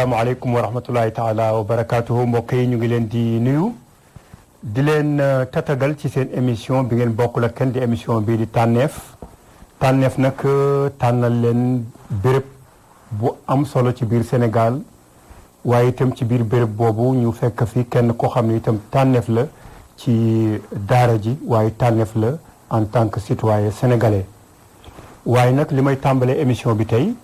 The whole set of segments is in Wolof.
asalaamaaleykum wa rahmatulahi taala wa barakaatuhu mbokk yi ñu ngi leen di nuyu di leen euh, tatagal ci seen émission bi ngeen bokkul ak kenn di émission bii di tànneef tànneef nag euh, tànnal leen bërëb bu am solo ci biir Sénégal waaye itam ci biir béréb boobu ñu fekk fi kenn koo xam ni itam tànneef la ci daara ji waaye tànneef la en tant que citoyen sénégalais waaye nag li may tàmbalee émission bi tey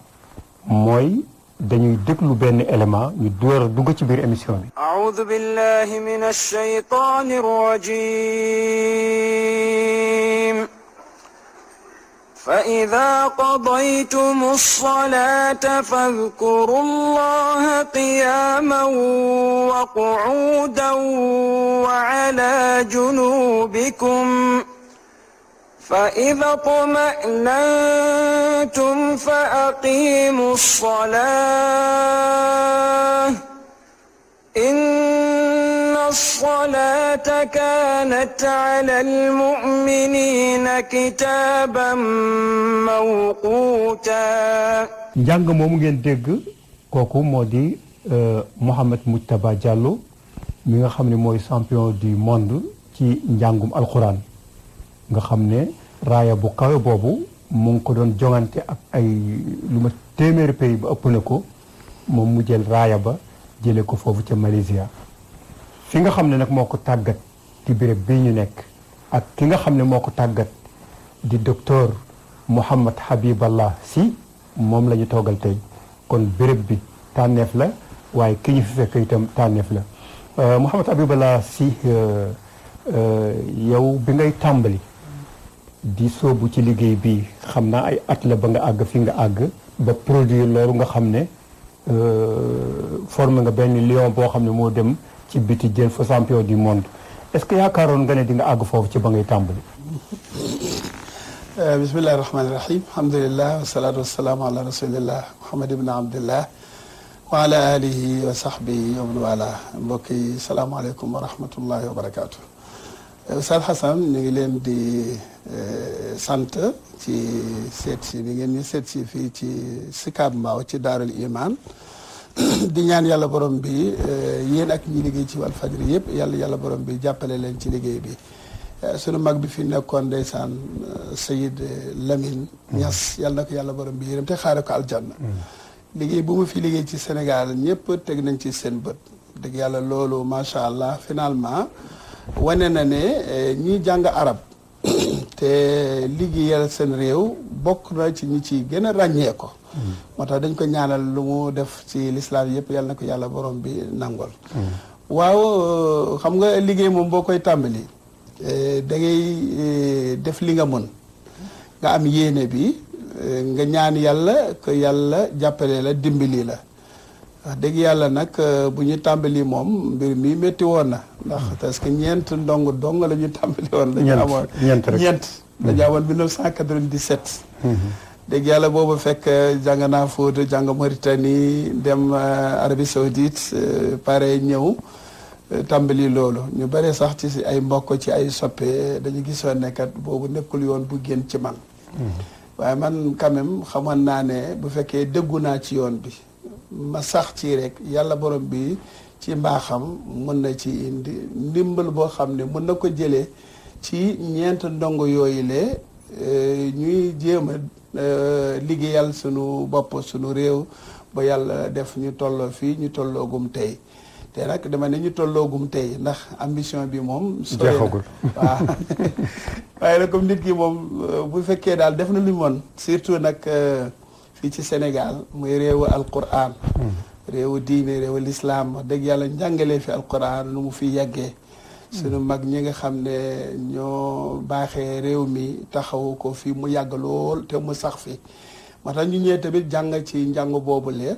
mooy dañuy déglu benn élément ñu door a dugg ci biir émission bi. a'uudu billahi minash shaytaanir rajiim. فإذا قضيتم الصلاة فاذكروا الله قياما وقعودا وعلى جنوبكم فإذا اطمأننتم فأقيموا الصلاة إن الصلاة كانت على المؤمنين كتابا موقوتا njàng moomu ngeen dégg kooku moo di euh, Mouhamed Moujtaba Diallo mi nga xam ne mooy champion du monde ci njàngum alxuraan nga xam ne raaya bu kawe boobu mu ngi ko doon jongante ak ay lu ma téeméeri pays ba ëpp na ko moom mu jël raaya ba jëlee ko foofu ca Malaysia fi nga xam ne nag moo ko tàggat ci béréb bii ñu nekk ak ki nga xam ne moo ko tàggat di docteur Mouhammad Habiballah si moom la ñu toogal tey kon béréb bi tànneef la waaye ki ñu fi fekk itam tànneef la euh, Mouhammad Habiballah si euh, euh, yow bi ngay tàmbali di soobu ci liggéey bi xam naa ay at la ba nga àgg fi nga àgg ba produire loolu nga xam ne euh, forme nga benn lion boo xam ne moo dem ci biti jël fa champion du monde est-ce que yaakaaroon nga ne di àgg foofu ci ba ngay tàmbali euh, bismillahi rahmaani rahim alhamdulilah wasalaatu wasalaamu ala rasulillah muhammad ibn abdillah wa ala wa sahbihi wa man wala mbokk yi salaamaaleykum wa rahmatullahi wa barakaatu Oustaz Assane ñu ngi leen di eh, sant ci seet si bi ngeen ñu seet si fii ci Sicap Mbao ci Daarul Iman di ñaan yàlla borom bi eh, yéen ak ñi liggéey ci Walfadjri yëpp yàlla yàlla borom bi jàppale leen ci liggéey bi eh, sunu mag bi fi nekkoon ndeysaan Sayid Lamine mm. Niass yàlla na ko yàlla borom bi yërëm te xaare ko aljanna mm. liggéey bu mu fi liggéey ci Sénégal ñëpp teg nañ ci seen bët dëgg yàlla loolu macha allah finalement wane na ne eh, ñuy jàng arab te liggéeyal seen réew bokk na ci ñi ci gën a ràññee ko mm. moo tax dañ ko ñaanal lu mu def ci lislaam yëpp yàlla na ko yàlla borom bi nangol mm. waaw eh, xam nga liggéey moom boo koy tàmbali eh, da ngay def li nga mën nga am yéene bi nga ñaan yàlla ko yàlla jàppale la dimbali la wax dëgg yàlla nag euh, bu ñu tàmbali moom mbir mi métti woon na ndax hmm. parce que ñeent ndong dong la ñu tàmbali woon dañu amoon ñeent ñeent hmm. dañu amoon 1997 hmm. dégg yàlla boobu fekk euh, jàng naa Fouta jàng Mauritanie dem euh, Arabie Saoudite pare ñëw tàmbali loolu ñu bare sax ci ay mbokk ci ay soppe dañu gisoon ne kat boobu nekkul yoon bu gën ci man waaye man quand xamoon naa ne bu fekkee dëggu naa ci yoon bi ma sax ci rek yàlla borom bi ci mbaaxam mën na ci indi ndimbal boo xam ne mën na ko jëlee ci ñeent ndongo yooyu le eh, ñuy jéem a eh, liggéeyal sunu bopp sunu réew ba yàlla def ñu tolloo fii ñu tolloogum tey te nag dama ne ñu tolloogum tey ndax ambition bi moom. jeexagul waaw waaye nag comme nit ki moom eh, bu fekkee daal def na lu surtout nag. fii ci Sénégal muy réewu alquran réewu diine réewu lislaam wax dëgg yàlla njàngalee fi alquran lu mu fi yàggee sunu mag ñi nga xam ne ñoo baaxee réew mi taxawu ko fi mu yàgg lool te mu sax fi moo tax ñu ñëwee tamit jàng ci njàng boobu lee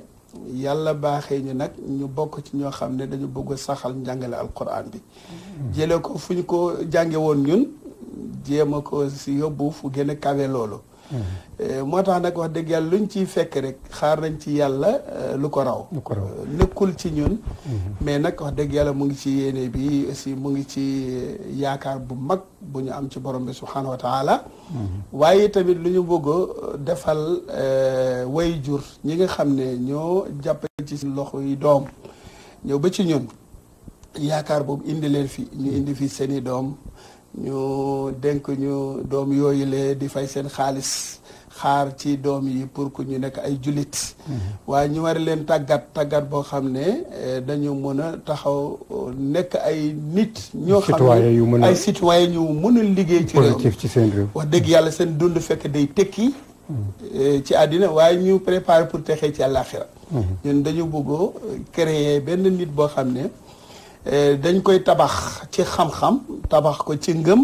yàlla baaxee ñu nag ñu bokk ci ñoo xam ne dañu bëgg saxal njàngale alquran bi jële ko fu ñu ko jànge woon ñun jéem a ko si yóbbu fu gën a kawe loolu Euh, moo tax nag wax dëgg yàlla luñ ciy fekk rek xaar nañ ci yàlla euh, lu ko raw. lu ko euh, nekkul ci ñun. Mm-hmm. mais nag wax dëgg yàlla mu ngi ci yéene bi aussi mu ngi ci yaakaar bu mag bu ñu am ci borom bi subxanahu wa taala. Mm-hmm. waaye tamit lu ñu bëgg defal way jur ñi nga xam ne ñoo jàpp ci loxo yi doom ñëw ba ci ñun yaakaar boobu indi leen fi ñu mm-hmm. indi fi seen i doom. ñu dénk ñu doom yooyu le di fay seen xaalis xaar ci doom yi pour que ñu nekk ay jullit mm-hmm. waaye ñu war leen tàggat tàggat boo xam ne eh, dañu mën a taxaw eh, nekk ay nit ñoo xam ne ay citoyen ñu mën a liggéey ci réew ci seen réew wax dëgg yàlla seen dund fekk day tekki mm-hmm. eh, ci àddina waaye ñu préparer pour texe ci àllaaxira mm-hmm. ñun dañu bëgg créer benn nit boo xam ne Eh, dañ koy tabax ci xam-xam tabax ko ci ngëm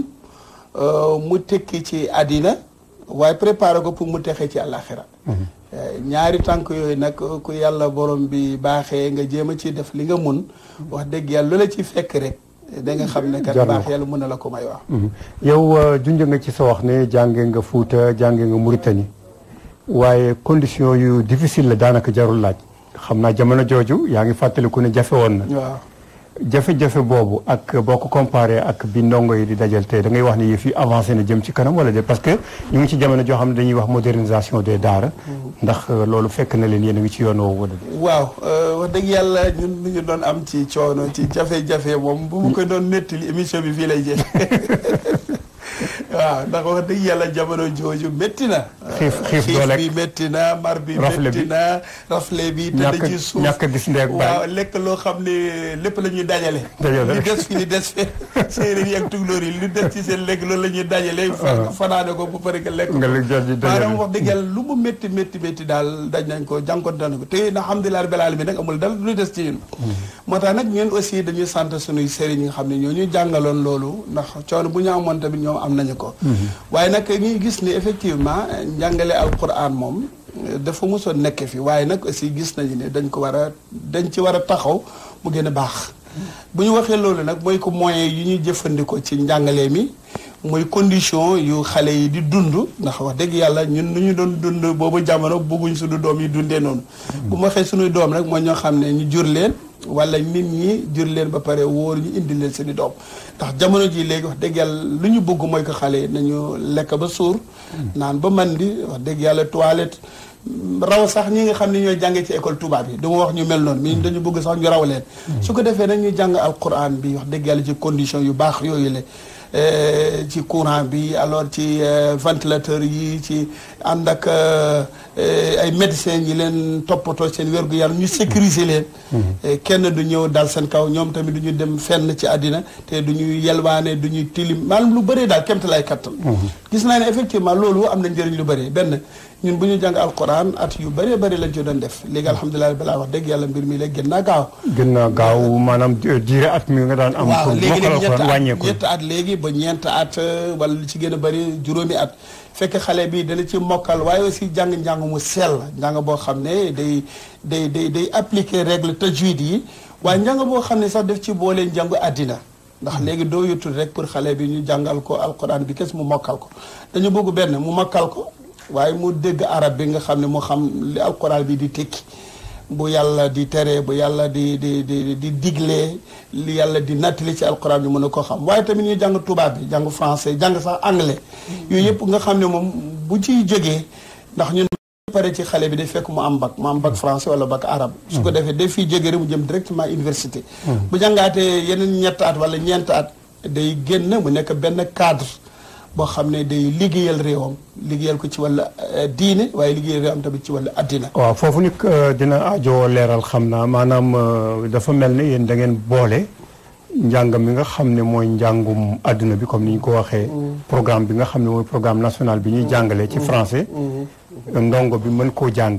euh, mu tekki ci àddina waaye préparé ko pour mu texee ci àllaaxira eh, ñaari tànk yooyu nag ku yàlla borom bi baaxee nga jéem a ci def li nga mun wax dëgg yàlla lu ci fekk rek da xam ne kat baax yàlla mën na la ko may wax mm-hmm. yow euh, junj nga ci sa wax ne jàngee nga Fuuta jàngee nga Mauritanie waaye condition yu difficile la daanaka jarul laaj xam naa jamono jooju yaa ngi fàttaliku ne jafe woon na jafe-jafe boobu ak boo ko comparé ak bi ndongo yi di dajal tey da ngay wax ni yëf yi na jëm ci kanam wala de parce que ñu ngi ci jamono joo xam ne dañuy wax modernisation de daara. ndax euh, loolu fekk na leen yéen a ngi ci yoon woowu. waaw euh, wax dëgg yàlla ñun mi ngi doon am ci coono ci jafe-jafe moom bu ko doon nettali émission bi fii lay jeex. waaw ndax wax dëgg yàlla jamono jooju métti na. xiif xiif dooleeg xiif bi métti na mar bi métti na. rafle bi te da ciy suuf ñàkk gis ndeeg bàyyi waaw lekk loo xam ne lépp la ñuy dajale. dajale li des fi li des fe séeréer yi ak tukulóor yi lu des ci seen lekk loolu la ñuy dajale. fanaane ko bu pare nga lekk. nga lekk jot wax dëgg lu mu métti métti métti daal daj nañ ko jànkuwante nañ ko te na alhamdulilah rabbil bi nag amul dal lu des ci ñun. Hmm. moo tax nag ñun aussi dañuy sant suñuy sëriñ yi nga xam ne ñoo ñu jàngaloon loolu ndax coono bu ñu amoon tamit ñoom am nañu ko ko waaye nag ñuy gis ni effectivement njàngale alquran moom dafa mosoon nekk fi waaye nag aussi gis nañu ne dañ ko war a dañ ci war a taxaw mu gën a baax bu ñu waxee loolu nag mooy ko moyen yu ñuy jëfandikoo ci njàngale mi mooy condition yu xale yi di dund ndax wax dëgg yàlla ñun nu ñu doon dund boobu jamono bëgguñ suñu doom yi dundee noonu bu ma waxee suñuy doom rek mooy ñoo xam ne ñu jur leen wala nit ñi jur leen ba pare wóor ñu indi leen seen i doom ndax jamono ji léegi wax dëgg yàlla lu ñu bëgg mooy ko xale yi nañu lekk ba suur naan ba man di wax dëgg yàlla toilette raw sax ñi nga xam ni ñooy jàngee ci école tubaab yi duma wax ñu mel noon mais dañu bëgg sax ñu raw leen mm. su ko defee nag ñu jàng alquran bi wax dëgg yàlla ci condition yu baax yooyu la Eh, ci courant bi alors ci eh, ventilateur yi ci ànd ak eh, ay médecins yi leen toppatoo seen wérgu yàlla ñu sécuriser leen mhm. kenn du ñëw dal seen kaw ñoom tamit du ñu dem fenn ci àddina te du ñu yelwaane du ñuy tilim maanaam lu bëree daal kémta lay kattan mhm. gis naa ne effectivement loolu am na njëriñ lu bëree benn ñun bu ñu jàng alquran at yu bëree bëri lañ ci doon def léegi alhamdulilah balaa wax dëgg yàlla mbir mi léegi gën naa gaaw gën naa gaaw maanaam diire at mi nga daan am waaw léegi léegi ñett at léegi ba ñeent at wala li ci gën a bëri juróomi at fekk xale bi dana ci mokkal waaye aussi jàng-njàng mu sell njàng boo xam ne day day day day appliquer règle tajwid yi waaye njàng boo xam ne sax def ci boolee njàngu àddina ndax léegi doo yutul rek pour xale bi ñu jàngal ko alquran bi kes mu mokkal ko dañu ko waaye mu dégg arab bi nga xam ne mu xam li alquran bi di tekki bu yàlla di tere bu yàlla di di di di digle li yàlla di nattali ci alquran bi mën a ko xam waaye tamit ñu jàng tubaab bi jàng français jàng sax anglais hmm. yooyu yëpp nga xam ne moom bu ciy jógee ndax ñun pare ci xale bi day fekk mu am bac mu am bac français wala bac arab su ko hmm. defee day fii jógee rek mu jëm directement université hmm. bu jàngaatee yeneen ñett at wala ñeent at day génn mu nekk benn cadre boo xam ne day liggéeyal réewam liggéeyal ko ci wàllu euh, diine waaye liggéeyal réewam tamit ci wàllu addina. waaw foofu nit euh, dina ajoo leeral xam naa maanaam euh, dafa mel ne yéen dangeen boole njàngam mi nga xam ne mooy njàngum addina bi comme ni ñu ko waxee. Mm. programme bi nga xam ne mooy programme national bi ñuy jàngale ci mm. français. Mm. ndongo bi mën koo jàng.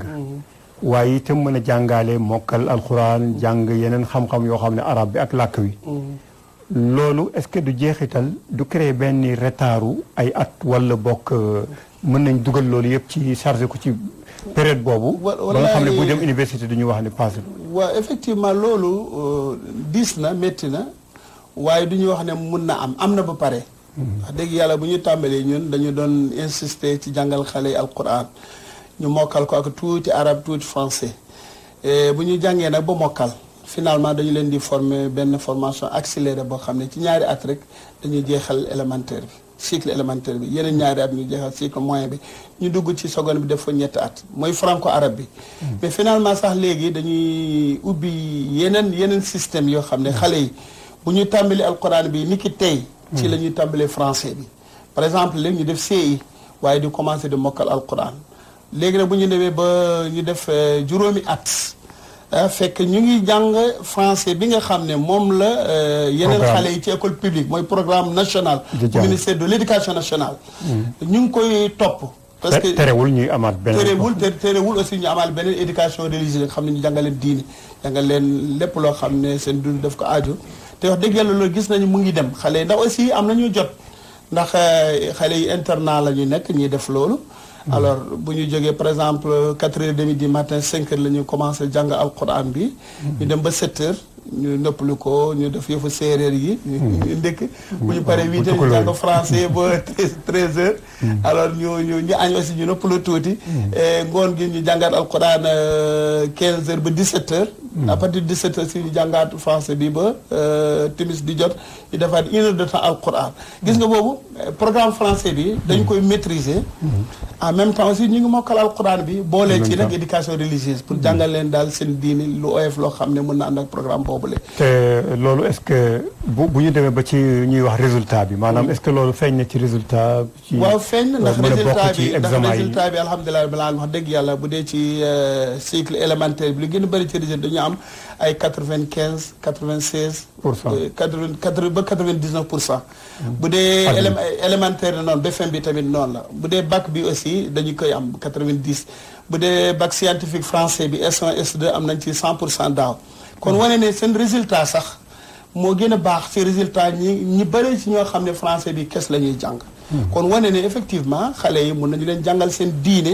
waaye itam mën a jàngaale mokkal alxuraan jàng yeneen xam-xam yoo xam ne arab bi ak làkk wi. loolu est-ce que du jeexital du créer benn retaaru ay at wala bokk euh, mën nañ dugal loolu yëpp ci chargé ko ci période boobu. ba nga xam ne bu dem université du ñu wax ni passé. waa effectivement loolu euh, diis na métti na waaye du ñu wax ne mun na am am na ba pare. Hmm. wax dëgg yàlla bu ñu tàmbalee ñun dañu doon insister ci jàngal xale yi alquran ñu mokkal ko ak tuuti arabe tuuti français bu ñu jàngee nag ba mokkal. finalement dañu leen di former benn formation accélérée boo xam ne ci ñaari at rek dañuy jeexal élémentaire bi cycle élémentaire bi yeneen ñaari at ñu jeexal cycle moyen bi ñu dugg ci seconde bi def fa ñetti at mooy franco arabe bi. Hmm. mais finalement sax léegi dañuy ubbi yeneen yeneen système yoo xam ne hmm. xale yi bu ñu tàmbali alquran bi ni ki tey. ci hmm. la ñuy tàmbalee français bi. par exemple léegi ñu def CI waaye di commencer di mokkal alquran léegi nag bu ñu demee ba ñu def eh, juróomi at. Euh, fekk ñu ngi jàng français bi nga xam ne moom la euh, yeneen xale yi ci école publique mooy programme national ministère sedd l'éducation national mm. ñu ngi koy topp parce que terewul ñuy amaat beneen terewul terewul aussi ñu amaal beneen éducation religieuse nga xam ne ñu jàngaleen diine leen lépp loo xam ne seen dund daf ko ajo te wax dëgg yàlla loolu gis nañu mu ngi dem xale yi ndax aussi am na ñu jot ndax euh, xale yi internat la ñu nekk ñuy def loolu alors bu ñu jógee par exemple quatre heures et demie matin cinq heures la ñu commencé jàng alquran bi. Mm-hmm. ñu dem ba sept ñu noppalu ko ñu def yëfu séeréer yi. ñu hmm. ndékk bu ñu paree hmm. huit heures ñu jàng français ba treize heures. Hmm. alors ñu ñu ñu añ aussi ngoon gi ñu jàngaat alquran euh, quinze heures ba dix sept heures. à partir de dix sept heures si jàngaat français bi ba euh, timis di jot ñu defaat une heure de temps alquran. gis nga boobu programme français bi. dañ koy maîtriser. en même temps aussi ñu ngi mokkal alquran bi. boolee ci nag éducation religieuse pour jàngal leen daal seen diini lu oyof loo xam ne mën na ànd ak programme boobule. te loolu est-ce que bu bu ñu demee ba ci ñuy wax résultat bi maanaam est-ce que loolu feeñ na ci résultat. ci waaw feeñ na ndax résultat bi ndax résultat bi alhamdulilah balaa wax dëgg yàlla bu dee ci euh, cycle élémentaire bi lu gën a bëri ci résultat dañu am ay quatre-vingt-quinze quatre-vingt-seize. pour cent euh, ba quatre-vingt-dix-neuf pour cent. Hmm. bu dee élémentaire na noonu BFEM bi tamit noonu la bu dee bac bi aussi dañu koy am quatre-vingt-dix bu dee bac scientifique français bi s am nañ ci cent pour cent daaw. kon ah. wane ne seen résultat sax moo gën a baax si résultat ñi ñi bëri si ñoo xam ne français bi kes la ñuy jàng hmm. kon wane ne effectivement xale yi mun nañu leen jàngal seen diine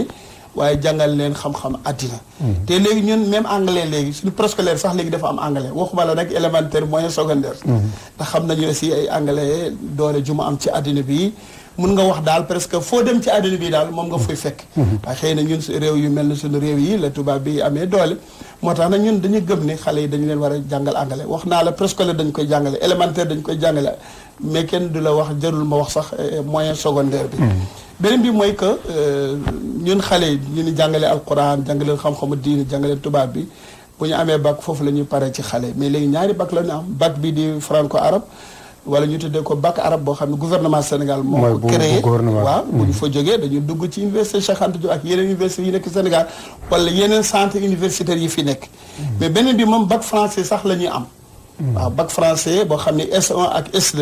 waaye jàngal leen xam-xam àddina hmm. te léegi ñun même anglais léegi suñu préscolaire sax léegi dafa am anglais waxuma la nag élémentaire moyen secondaire hmm. ndax xam nañu si ay anglais doole ju mu am ci àddina bi mun nga wax daal presque foo dem ci àddina bi daal moom nga fuy fekk waaye xëy na ñun réew yu mel ni suñu réew yi la tubaab bi amee doole moo tax nag ñun dañu gëm ni xale yi dañu leen war a jàngal anglais wax naa la préscolaire dañ koy jàngale élémentaire dañ koy jàngale mais kenn du la wax jarul ma wax sax eh, moyen secondaire bi hmm. beneen bi mooy que euh, ñun xale yi ñu ni jàngale alquran jàngaleen xam-xamu diine jàngaleen tubaab bi bu ñu amee bac foofu la ñuy pare ci xale mais léegi ñaari bac la ñu am bac bi di franco arabe wala ñu tëddee ko bac arab boo xam ne gouvernement Sénégal moo ko créé waaw bu ñu hmm. fa jógee dañu dugg ci université Cheikh Anta Diop ak yeneen université yi nekk Sénégal wala yeneen centre universitaires yi fi nekk hmm. mais beneen bi moom bac français sax la ñuy am hmm. waaw bac français boo xam ne S1 ak s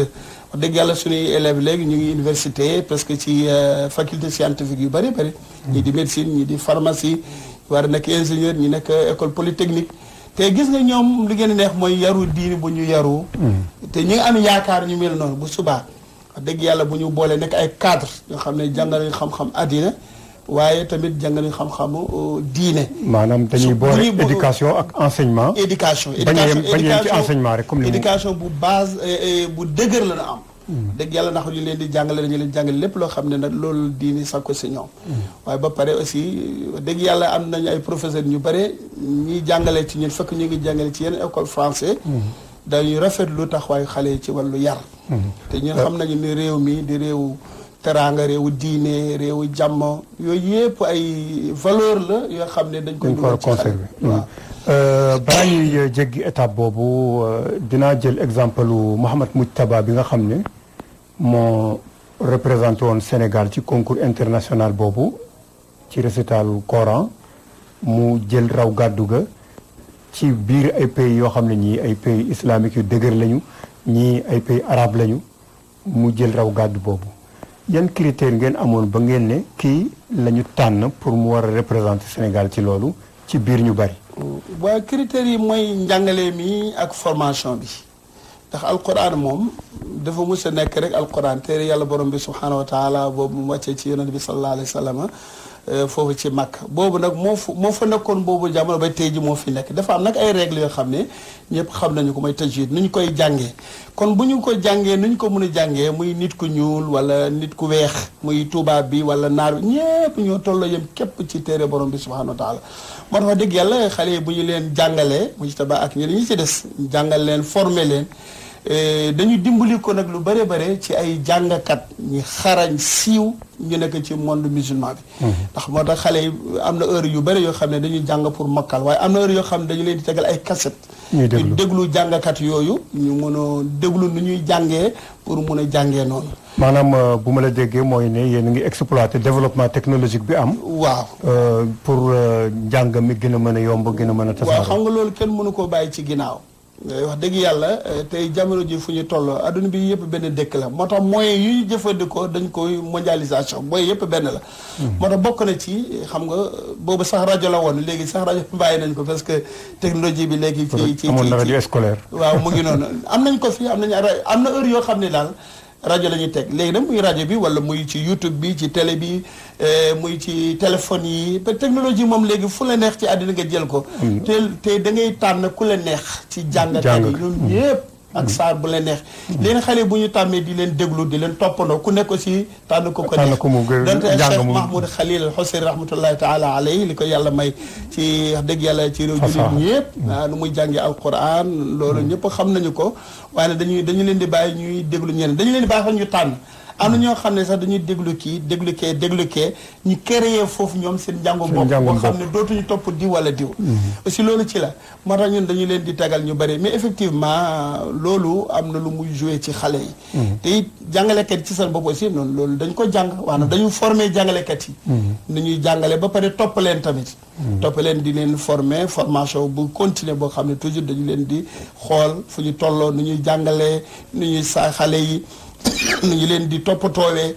dëgg yàlla suñuy élève léegi ñu ngi université presque ci euh, faculté scientifique yu bëri bari ñii di médecine ñii di pharmacie war nekk ingénieur ñi nekk école polytechnique te gis nga ñoom li ngeen neex mooy yaru diini bu ñu yaru hmm. te ñi nga am yaakaar ñu mel noonu bu subaa dëgg yàlla bu ñu boolee nekk ay cadre yoo xam ne jàngale xam-xam àddina waaye tamit jàngale xam-xamu euh, diine. maanaam dañuy boole éducation ak enseignement. éducation éducation bañ a yem ci enseignement rek comme li éducation bu base euh, euh, bu dëgër la na am. dëgg yàlla ndax ñu leen di jàngale dañu leen jàngale lépp loo xam ne nag loolu diini ko si ñoom waaye ba pare aussi dëgg yàlla am nañu ay professeur ñu bare ñuy jàngale ci ñun fekk ñu ngi jàngale ci yeneen école français dañuy rafet lu tax waaye xale yi ci wàllu yar te ñun xam nañu ni réew mi di réew teraanga réewu diine réewu jàmm yooyu yëpp ay valeur la yoo xam ne dañ koy dugal ci xale Euh, balaa ñuy jéggi étape boobu euh, dinaa jël exemple Mouhamed Moujtaba bi nga xam ne moo représenté woon Sénégal ci concours international boobu ci récital Coran mu jël raw gàddu ga ci biir ay pays yoo xam ne ñii ay pays islamique yu dëgër lañu ñii ay pays arabe lañu mu jël raw gàddu boobu yan critère ngeen amoon ba ngeen ne kii la tànn pour mu war a représenter Sénégal ci loolu ci biir ñu bari waaw critères yi mooy njàngale mi ak formation bi ndax alquran moom dafa mës a nekk rek alquran téere yàlla borom bi subhanahu wa taala boobu mu wàccee ci yonent bi sallallahu alayhi Euh, foofu ci mag boobu nag moo fu moo fa nekkoon boobu jamono ba tey ji moo fi nekk dafa am nag ay règles yoo xam ne ñëpp xam nañu ko mooy tajwid nu ñu koy jàngee kon bu ñu ko jàngee nu ñu ko mën a jàngee muy nit ku ñuul wala nit ku weex muy tubaab bi wala naar bi ñëpp ñoo tolloo yem képp ci téere borom bi subhanahu wa taala moo tax dëgg yàlla xale yi bu ñu leen jàngalee mu ci taba ak ñi ñu ci des jàngal leen former leen Eh, dañu dimbali ko nag lu bare bare ci ay jàngkat ñi xarañ siiw ñu nekk ci monde musulman bi mhm. ndax moo tax xale yi am na heure yu bare yoo xam ne dañuy jàng pour mokkal waaye am na heure yoo ne dañu leen di tegal ay kaset ñu déglu jàngakat yooyu ñu mën a déglu nu ñuy jàngee pour mun a jàngee noonu maanaam euh, bu ma la déggee mooy ne yéen a ngi exploiter développement technologique bi am waaw euh, pour euh, njàng mi gën a mën a yomb gën a mën a tasaaroo waaw xam nga loolu kenn mënu koo bàyyi ci ginnaaw Eh, wax dëgg yàlla eh, tey jamono ji fu ñu toll adduna bi yëpp benn dëkk la moo tax moyens yu jëfandikoo dañ koy mondialisation mooy yëpp benn la. Hmm. moo tax bokk na ci xam nga boobu sax rajo la woon léegi sax rajo bàyyi nañ ko parce que technologie bi léegi. ci ci ci amoon na rajo waaw mu ngi noonu am nañ ko fi am nañ am na heure yoo xam ne daal. rajo la ñuy teg léegi nag muy rajo bi wala muy ci YouTube bi ci télé bi eh, muy ci téléphone yi te technologie moom léegi fu la neex ci àddina nga jël ko. Mm. te te da ngay tànn ku la neex. ci jàngat yi ñun ñëpp. ak saar bu leen neex. leen xale bu ñu tàmmee di leen déglu di leen toppandoo ku nekk si tànn ko ko neex donte Cheikh Mahmoud Khalil Hussein rahmatullahi taala alayhi li ko yàlla may ci dëgg yàlla ci réew jullit ñëpp ah, nu muy jàngi alquran loolu mm. ñëpp xam nañu ko waaye dañuy dañu leen di bàyyi ñuy déglu ñeneen dañu leen di bàyyi xel ñu tànn am na ñoo xam ne sax dañuy déglu kii déglu kee ñu créé foofu ñoom seen njàngu bopp boo xam ne dootuñu topp diw wala diw mm-hmm. aussi loolu ci la moo tax ñun dañu leen di tagal ñu bëri mais effectivement loolu am na lu muy joué ci xale yi mm-hmm. te it jàngalekat yi ci seen bopp si noonu loolu dañ ko jàng maanaam mm-hmm. dañu formé jàngalekat yi ñuy jàngale ba pare topp leen tamit topp leen di leen former formation bu continuer boo xam ne toujours dañu leen di xool fu ñu tolloo nu ñuy jàngalee nu ñuy saa xale yi nu ñu leen di toppatoowee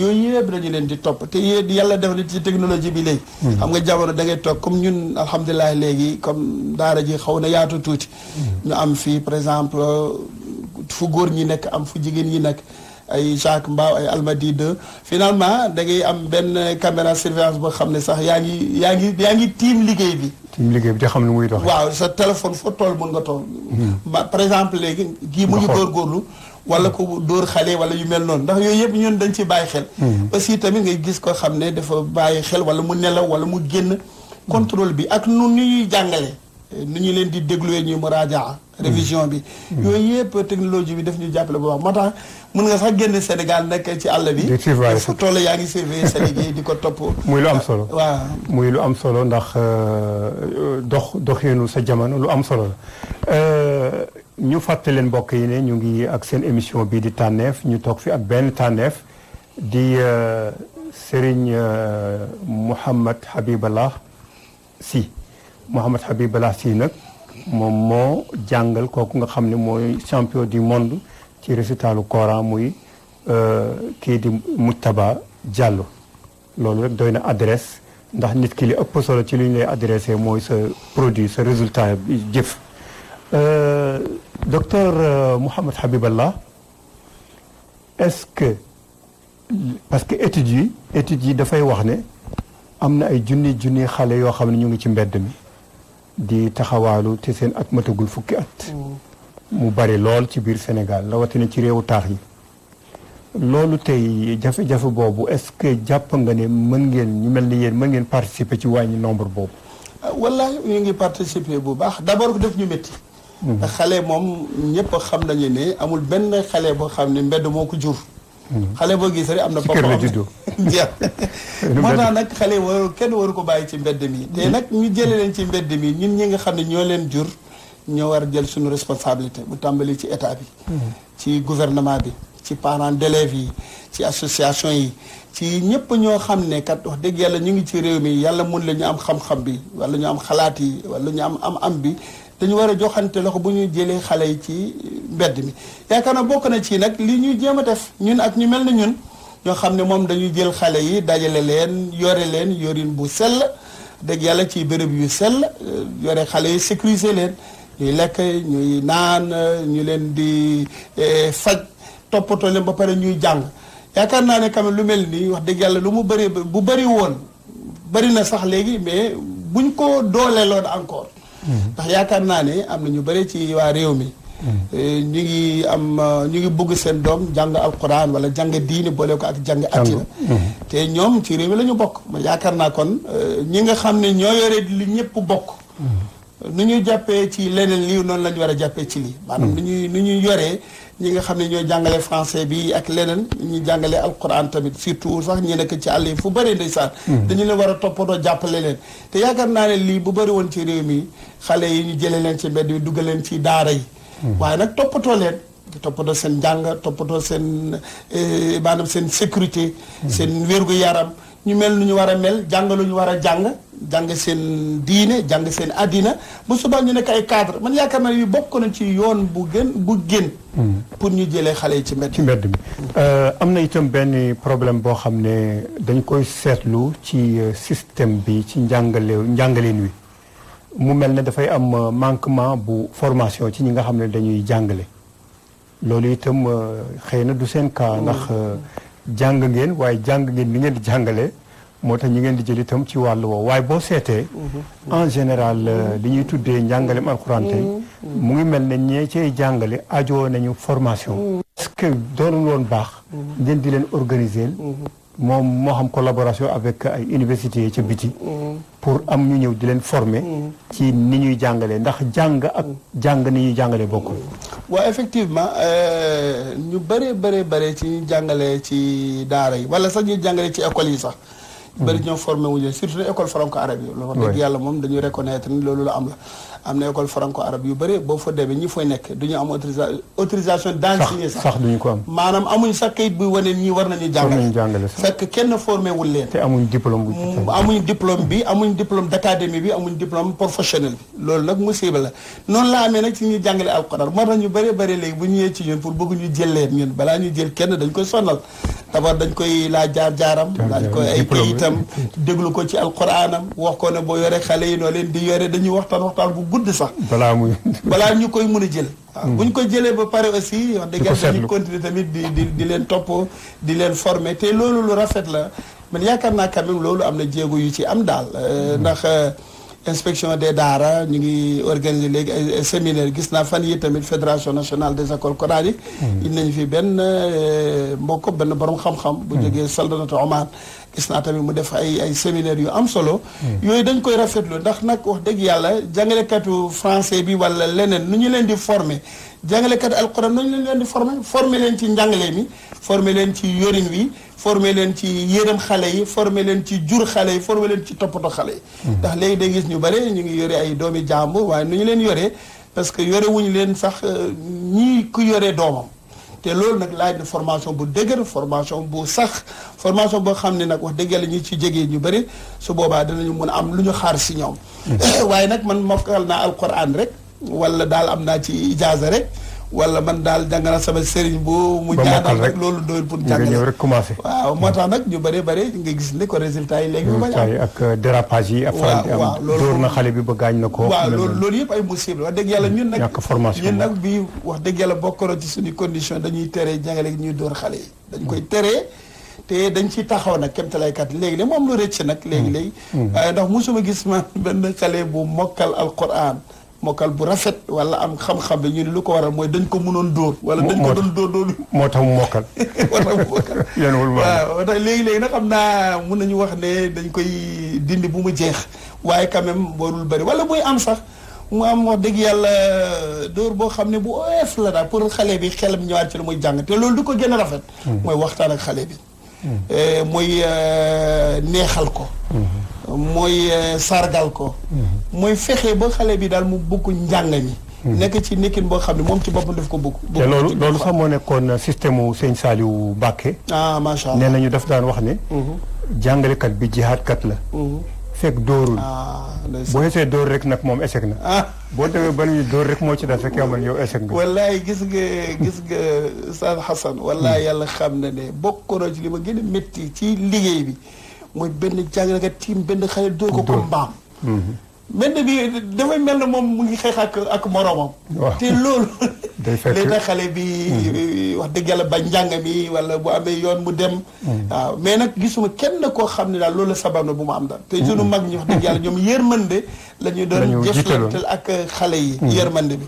yooyu yëpp dañu leen di topp te yéen yàlla def ci technologie bi léegi hmm. xam nga jamono dangay toog comme ñun alhamdulilah léegi comme daara ji xaw na yaatu tuuti hmm. ñu am fii par exemple fu góor ñi nekk am fu jigéen ñi nekk ay Jacques Mbao ay Almadi 2 finalement da ngay am benn caméra surveillance boo xam ne sax yaa ngi yaa ngi yaa ngi tiim liggéey bi. tiim liggéey bi di xam lu muy doxee. waaw sa téléphone foo toll mën nga toll. Hmm. par exemple léegi. kii mu ngi góorgóorlu. wala ko dóor xale wala yu mel noonu ndax yooyu yëpp ñun dañ ci bàyyi xel. Hmm. aussi tamit ngay gis ko xam ne dafa bàyyi xel wala mu nelaw wala mu génn. contrôle bi ak nu ñuy jàngale. nu ñu leen di dégluwee ñuy muraajaa révision bi mm. yooyu yëpp technologie bi daf ñu jàppale bu baax moo mun nga sax génn Sénégal nekk ci àll bi fu toll yaa ngi surveiller sa liggéey di ko topp muy lu am solo muy lu am solo ndax euh, dox doxinu sa jamono lu am solo la euh, ñu fàttali leen mbokk yi ne ñu ngi ak seen émission bii di tànneef ñu toog fi ak benn tànneef di euh, Serigne Mouhamed Habiballah Mouhamad Habib sii nag moom moo jàngal kooku nga xam ne mooy champion du monde ci récitalu Coran muy euh, kii di Mujtaba Diallo loolu rek doy na adresse ndax nit ki li ëpp solo ci li ñu lay adressé mooy sa produit sa résultat bi jëf. Euh, docteur euh, Mouhamad Habiballah est-ce que parce que études yi études yi dafay wax ne am na ay junni junni xale yoo xam ne ñu ngi ci mbedd mi. di taxawaalu te seen at matagul fukki at. Mm. mu bari lool ci biir Sénégal rawatina ci réewu taax yi. loolu tey jafe-jafe boobu est-ce que jàpp nga ne mën ngeen ñu mel ni yéen mën ngeen participer ci wàññi nombre boobu. Ah, wallaay ñu ngi participer bu baax d'abord def ñu metti mm-hmm. xale moom ñépp xam nañu ne amul benn xale boo xam ne mbedd moo ko jur. xale boo gis rek am na. ci kër la juddoo moo tax nag xale waru kenn waru ko bàyyi ci mbedd mi. te nag ñu jëlee leen ci mbedd mi ñun ñi nga xam ne ñoo leen jur ñoo war a jël suñu responsabilité bu tàmbali ci état bi. ci gouvernement bi ci parents d'élèves yi ci association yi. ci ñëpp ñoo xam ne kat wax dëgg yàlla ñu ngi ci réew mi yàlla mun la am xam-xam bi wala ñu am xalaat yi wala ñu am am am bi dañu war a joxante loxo bu ñuy jëlee xale yi ci mbedd mi yaakaar na bokk na ci nag li ñuy jéem a def ñun ak ñu mel na ñun ñoo xam ne moom dañuy jël xale yi dajale leen yore leen yorin bu sell dëgg yàlla ci béréb yu sell euh, yore xale yi sécuriser leen ñuy lekk ñuy naan ñu leen di e, faj toppatoo leen ba pare ñuy jàng yaakaar naa ne quand lu mel nii wax dëgg yàlla lu mu bëri bu bëri woon bëri na sax léegi mais buñ ko dooleeloon encore ndax yaakaar naa ne am na ñu bëri ci waa réew mi. ñu ngi am ñu ngi bëgg seen doom jàng alquran wala jàng diini boole ak jàng àddina mhm. te ñoom ci réew mi lañu bokk ma yaakaar naa kon euh, ñi nga xam ne ñoo yore li ñëpp bokk mhm. nu ñu jàppee ci leneen lii noonu la ñu war a jàppee ci lii maanaam mhm. nu ñuy nu ñuy yoree ñi nga xam ne ñooy jàngale francais bi ak leneen ñi jàngale alquran tamit surtout sax ñi nekk ci àll yi fu bëri ndeysaan hmm. dañu leen war a toppandoo jàppale leen te yaakaar naa ne lii bu bëri woon ci réew mi xale yi ñu jëlee leen ci mbedd yi duggal leen ci daara yi hmm. waaye nag toppatoo leen toppatoo seen jàng toppatoo seen eh, maanaam seen sécurité hmm. seen wérgu yaram ñu mel nu ñu war a mel jàng ñu war a jàng jàng seen diine jàng seen àddina bu subaa ñu nekk ay cadre man yaakaar naa yu bokk na ci yoon bu gën bu gën. Hmm. pour ñu jëlee xale yi ci mbedd ci mbedd bi euh, am na itam benn problème boo xam ne dañ koy seetlu ci euh, système bi ci njàngale njàngaleen wi mu mel ne dafay am euh, manquement bu formation ci ñi nga xam ne dañuy jàngale loolu itam xëy na du seen cas hmm. ndax jàng ngeen waaye jàng ngeen ni ngeen di jàngalee moo tax ñi ngeen di jël itam ci wàll woo waaye boo seetee. Mhm. en général euh, li ñuy tuddee njàngaleem alxuraan mhm. Mhm. mu ngi mel ne ñee cay jàngale ajoo nañu formation. parce que doonul woon baax. ngeen di leen organiser. moom moo xam collaboration avec ay université ca biti pour am ñu ñëw di leen former ci ni ñuy jàngalee ndax jàng ak jàng ni ñuy jàngalee bokkul waaw effectivement euh, ñu bëree bare bare ci ñu jàngalee ci daara yi wala sax ñuy jàngalee ci école yi sax bëri ñoo formé wuñu surtout école franco arabe yi loolu wax dëgg yàlla moom dañuy reconnaître ni loolu la am la am na école franco arabe yu bëri boo fa demee ñi fay nekk du ñu am autorisa autorisation d'enseigner sax sax duñu ko am maanaam amuñ sax kayit buy wane ñi war nañu jàngale fekk kenn formé wul leen te amuñ diplôme bu mm, amuñ diplôme bi amuñ diplôme d'académie bi amuñ diplôme professionnel bi loolu nag musiba la noonu la amee nag ci ñuy jàngale alquran moo tax ñu bëri bëri léegi bu ñu ñëwee ci ñun pour bëgg ñu jël leen ñun balaa ñu jël kenn dañ koy sonal d'abord dañ koy laa jaar jaaram laaj ko ay kayitam déglu ko ci alquraanam wax koo ne boo yore xale yi noo leen di yore dañuy waxtaan waxtaan bu gudd sax balaa muy balaa ñu koy mën a jël waaw mm. bu ñu ko jëlee ba pare aussi wax dëgg yàlla dañuy continuer tamit di di di leen topp di leen former te loolu lu rafet la man yaakaar naa quand même loolu am na jéego yu ci am daal euh, ndax euh, inspection des daara ñu ngi organiser léegi ay séminaire gis naa fan yi tamit fédération nationale des écoles coraniques yi hmm. nañu fi benn euh, mbokk benn boroom xam-xam bu hmm. jógee saldanatu Oman gis naa tamit mu def ay ay séminaire yu am solo hmm. yooyu dañ koy rafetlu ndax nag wax dëgg yàlla jàngalekatu français bi wala leneen nu ñu leen di former jàngalekat alquran nu ñu leen di former former leen ci njàngale mi former leen ci yorin wi former leen ci yërëm xale yi former leen ci jur xale yi former leen ci toppatoo xale hmm. ndax léegi day gis ñu bare ñu ngi yore ay doomi jàmbur waaye nu ñu leen yoree parce que yore leen sax euh, ñii ku yore doomam te loolu nag laaj na formation bu dëgër formation bu sax formation boo xam ne nag wax dëgg yàlla ñu ci jege ñu bëri su boobaa danañu mën a am lu ñu xaar si ñoom hmm. waaye nag man mokkal naa al alquran rek wala daal am naa ci ijaaza rek wala man daal jàng naa sama sëriñ boo mu ñaanal rek loolu doyul pour jàngale ñëw rek commencé waaw moo hmm. tax nag ñu bëree bëri nga gis ni ko résultat yi léegi ba yi ak euh, dérapage yi affaire am dóor na xale bi ba gaañ na ko waaw loolu loolu yëpp ay musiba wax dëgg yàlla hmm. ñun nag ñàkk formation ñun nag bi wax dëgg yàlla bokkoon ci suñu condition dañuy teree jàngale ñuy dóor xale yi dañ koy hmm. teree te dañ ciy taxaw nag kémtalaykat léegi léegi moom lu rëcc nag léegi léegi waaye euh, ndax mosuma gis man benn xale bu mokkal alquran mokkal bu rafet wala am xam-xam bi ñu ne lu ko waral mooy dañ ko mënoon dóor wala dañ ko doon dóor dóor moo tax mu mokkal wala mokkal yéen wul léegi-léegi nag xam naa mun nañu wax ne dañ koy dindi bu mu jeex waaye quand même warul bëri wala muy am sax mu am moo dëgg yàlla euh, dóor boo xam ne bu oyof la daal pour xale bi xel xelam ñëwaat ci la muy jàng te loolu du ko gën a rafet hmm. mooy waxtaan ak xale bi hmm. euh, mooy euh, neexal ko hmm. mooy euh, sargal ko mhm. mooy fexe ba xale bi daal mu bëgg njàng mi mhm. nekk ci nekkin boo xam ne moom ci boppam daf ko bëgg te loolu loolu sax moo nekkoon système u sëñ Saliou Mbacke ah macha allah nee nañu daf daan wax ne mhm. jàngalekat bi jihaadkat la fekk dóorul ah, boo xesee dóor rek nag moom échec na ah. boo demee ba ñu dóor rek moo ci dal fekk yow man yow échec nga wallaay gis nga hmm. gis nga Oustaz Hassan wallaay hmm. yàlla xam na ne bokk na ci li ma gën a ci liggéey bi mooy benn jagleel nga tiim benn xale dóor ko comme mbaam. mel mhm. na bi dafay mel na moom mu ngi xeex ak ak moroomam. te loolu. day fekk xale bi. Mhm. wax dëgg yàlla ba njàng mi wala bu amee yoon mu dem. Mhm. waaw mais nag gisuma kenn koo xam ne daal loolu la sabab bu mu am daal. te sunu mag ñi wax dëgg yàlla ñoom yërmande. la ñu doon jëflanteel ak xale yi. yërmande bi.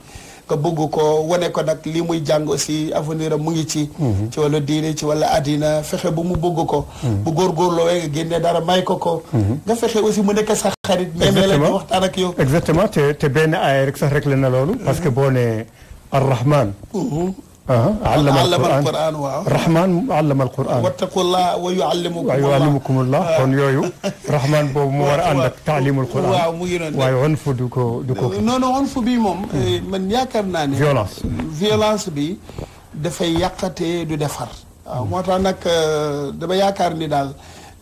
nga bëgg ko wane ko nag li muy jàng aussi avenir am mu ngi ci mhm. ci wàllu diine ci wàllu àddina fexe bu mu bëgg ko mhm. bu góorgóorloo wee nga génnee dara may ko ko mhm. nga fexe aussi mu nekk sax xarit ñemee la ñu waxtaan ak yow exactement te benn aaya rek sax rek la na loolu parce que boo ne arrahman allama alquran waaw rahman allama alquran wattaqullaha wa yuallimukumullah wa yuallimukumullah kon yooyu rahman boobu mu war a ànd ak taalimul quran waaw mu ngi noonu waaye onfu du ko du ko non non onfu bi moom man yaakaar naa ne violence violence bi dafay yàqatee du defar waaw moo tax nag dama yaakaar ni daal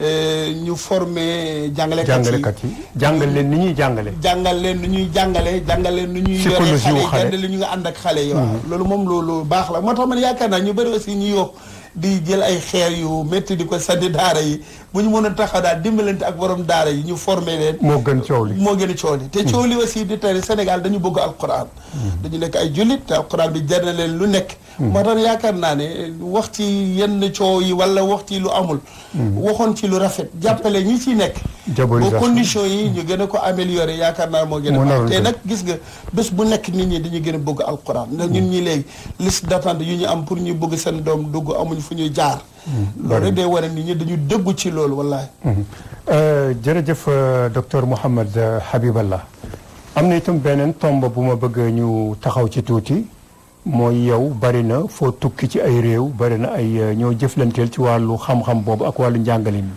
Euh, ñu former jàngalekat yi jàngal leen ni ñuy jàngale. jàngal leen ni ñuy jàngale jàngal leen ni ñuy. psychologie wu xale jàngal leen ñu nga ànd ak xale yi. waaw hmm. loolu moom loolu baax la moo tax man yaakaar naa ñu bëri aussi ñu yoo di jël ay xeer yu métti di ko sànni daara yi bu ñu mën a taxaw daal dimbalante ak borom daara yi ñu formé leen. moo gën coow li moo gën coow li te hmm. coow li aussi di tari Sénégal dañu bëgg alquran. Hmm. dañu nekk ay jullit te alquran bi jar na leen lu nekk. ma hmm. tax yaakaar naa ne wax ci yenn coow yi wala wax ci lu amul. waxoon ci lu rafet jàppale ñi ciy nekk. jabolisation condition yi ñu gën ko amélioré yaakaar naa moo gën a baax te nag gis nga bés bu nekk nit ñi dañu gën a bëgg alquran ndax ñun ñi léegi liste d'attente yu ñu am pour ñu bëgg seen doom dugg amuñ fu ñuy jaar. loolu rek day wane nit ñi dañu dëggu ci loolu wallaay. Euh, jërëjëf euh, docteur Mouhamed euh, Habiballah am na itam beneen tomb bu ma bëggee ñu taxaw ci tuuti mooy yow bari na foo tukki ci ay réew bari na ay ñoo jëflanteel ci wàllu xam-xam boobu ak wàllu njàngale mi